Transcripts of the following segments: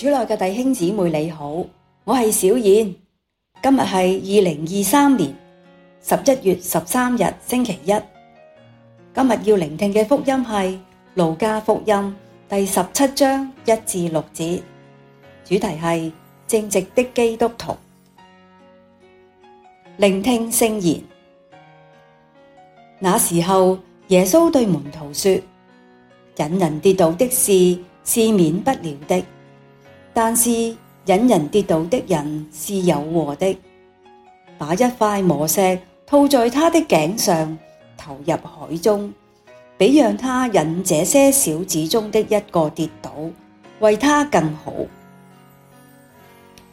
主內嘅弟兄姊妹，你好，我係小燕。今日係二零二三年十一月十三日，星期一。今日要聆聽嘅福音係《路加福音》第十七章一至六節，主題係正直的基督徒。聆聽聖言。那時候，耶穌對門徒說：引人跌倒的事是免不了的。但是，引人跌倒的人是有禍的。把一塊磨石套在他的頸上，投入海中，比讓他引這些小子中的一個跌倒，為他更好。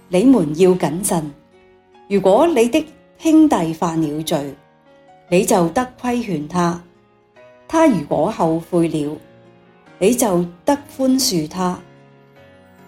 你們要謹慎！如果你的兄弟犯了罪，你就得規勸他；他如果後悔了，你就得寬恕他。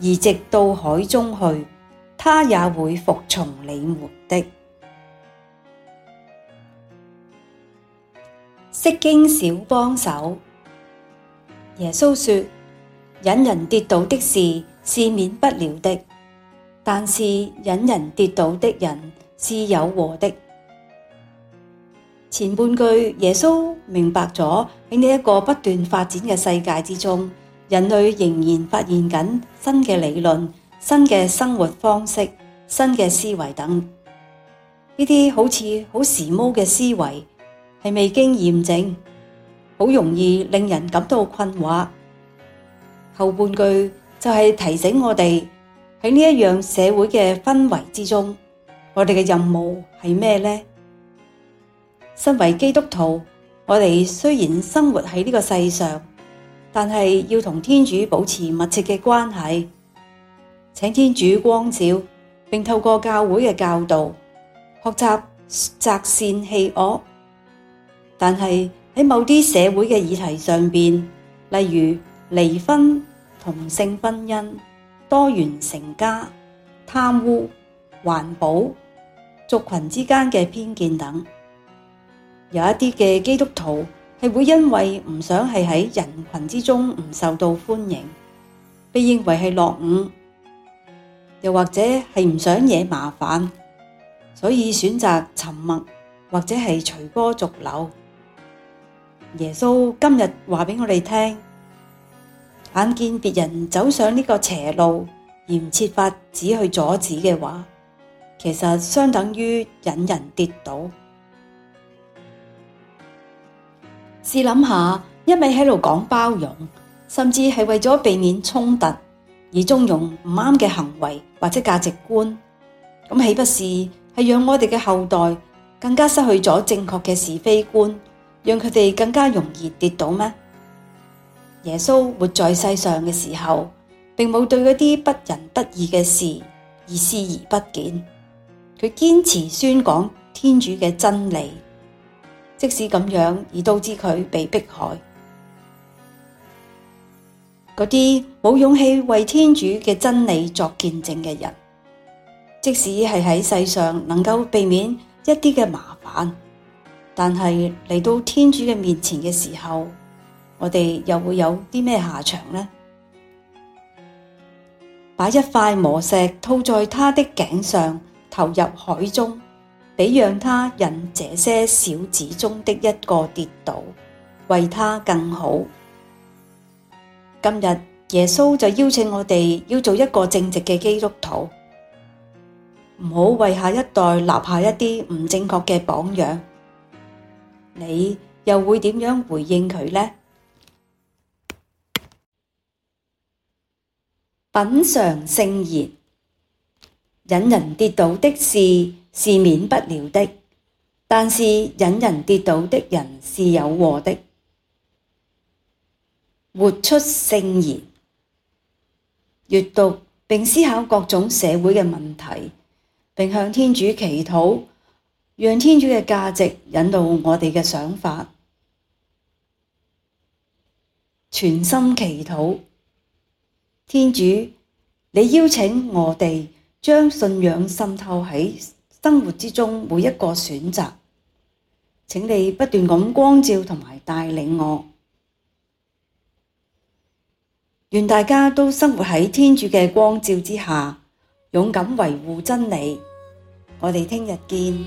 移植到海中去，他也會服從你們的。釋經小幫手，耶穌說：引人跌倒的事是，是免不了的，但是引人跌倒的人是有禍的。前半句，耶穌明白咗喺呢一個不斷發展嘅世界之中。人類仍然發現緊新嘅理論、新嘅生活方式、新嘅思維等，呢啲好似好時髦嘅思維係未經驗證，好容易令人感到困惑。後半句就係提醒我哋，喺呢一樣社會嘅氛圍之中，我哋嘅任務係咩呢？身為基督徒，我哋雖然生活喺呢個世上。但係要同天主保持密切嘅關係，請天主光照，並透過教會嘅教導學習擇善棄惡。但係喺某啲社會嘅議題上邊，例如離婚、同性婚姻、多元成家、貪污、環保、族群之間嘅偏見等，有一啲嘅基督徒。係會因為唔想係喺人群之中唔受到歡迎，被認為係落伍，又或者係唔想惹麻煩，所以選擇沉默或者係隨波逐流。耶穌今日話畀我哋聽，眼見別人走上呢個邪路而唔設法只去阻止嘅話，其實相等於引人跌倒。試諗下，一味喺度講包容，甚至係為咗避免衝突而縱容唔啱嘅行為或者價值觀，咁豈不是係讓我哋嘅後代更加失去咗正確嘅是非觀，讓佢哋更加容易跌倒咩？耶穌活在世上嘅時候，並冇對嗰啲不仁不義嘅事而視而不見。佢堅持宣講天主嘅真理。即使咁樣，而導致佢被迫害。嗰啲冇勇氣為天主嘅真理作見證嘅人，即使係喺世上能夠避免一啲嘅麻煩，但係嚟到天主嘅面前嘅時候，我哋又會有啲咩下場呢？把一塊磨石套在他的頸上，投入海中。比讓他引這些小子中的一個跌倒，為他更好。今日耶穌就邀請我哋要做一個正直嘅基督徒，唔好為下一代立下一啲唔正確嘅榜樣。你又會點樣回應佢呢？品嘗聖言。引人跌倒的事是，是免不了的，但是引人跌倒的人是有禍的。活出聖言，閱讀並思考各種社會嘅問題，並向天主祈禱，讓天主嘅價值引導我哋嘅想法。全心祈禱。天主，你邀請我哋。將信仰滲透喺生活之中每一個選擇，請你不斷咁光照同埋帶領我。願大家都生活喺天主嘅光照之下，勇敢維護真理。我哋聽日見。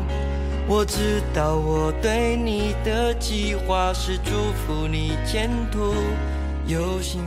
我知道我對你的計劃是祝福你前途有幸。